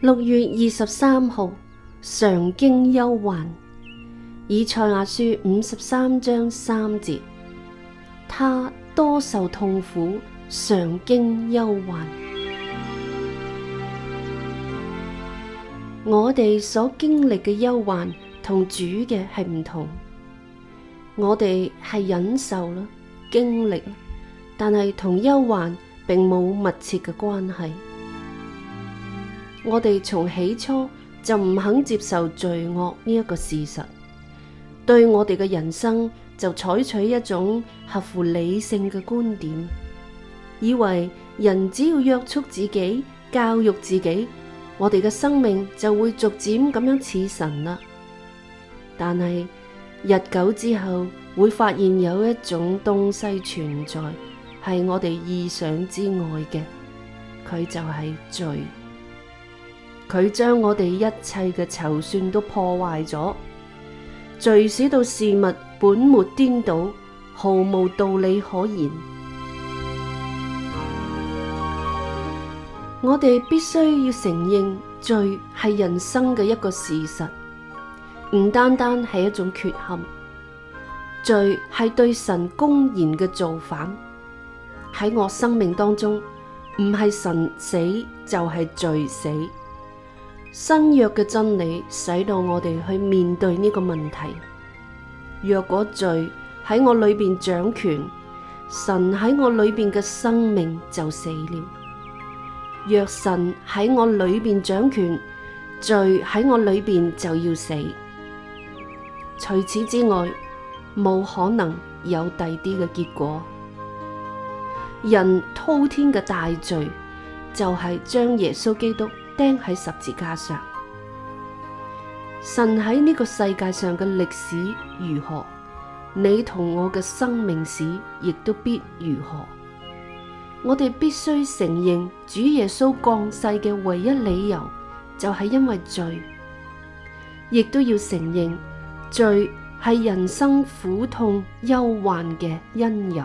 六月二十三號，常經憂患，以賽亞書五十三章三節，他多受痛苦，常經憂患。 我哋所經歷嘅憂患同主嘅係唔同，我哋係忍受啦，經歷，但係同憂患並冇密切嘅關係。我哋從起初就唔肯接受罪惡呢一個事實，對我哋嘅人生就採取一種合乎理性嘅觀點，以為人只要約束自己、教育自己，我哋嘅生命就會逐漸咁樣似神啦。但係日久之後，會發現有一種東西存在，係我哋意想之外嘅，佢就係罪。佢將我哋一切嘅籌算都破壞咗，罪使到事物本末顛倒，毫無道理可言。 我哋必須要承認，罪係人生嘅一個事實，唔單單係一種缺陷，罪係對神公然嘅造反。喺我生命當中，唔係神死就係罪死。新約嘅真理使到我哋去面對呢個問題：若果罪喺我裏邊掌權，神喺我裏邊嘅生命就死了；若神喺我裏邊掌權，罪喺我裏邊就要死。除此之外，冇可能有第二啲嘅結果。人滔天嘅大罪就係將耶穌基督。釘喺十字架上，神喺呢個世界上嘅歷史如何？你同我嘅生命史亦都必如何？我哋必須承認主耶穌降世嘅唯一理由就係因為罪，亦都要承認罪係人生苦痛憂患嘅因由。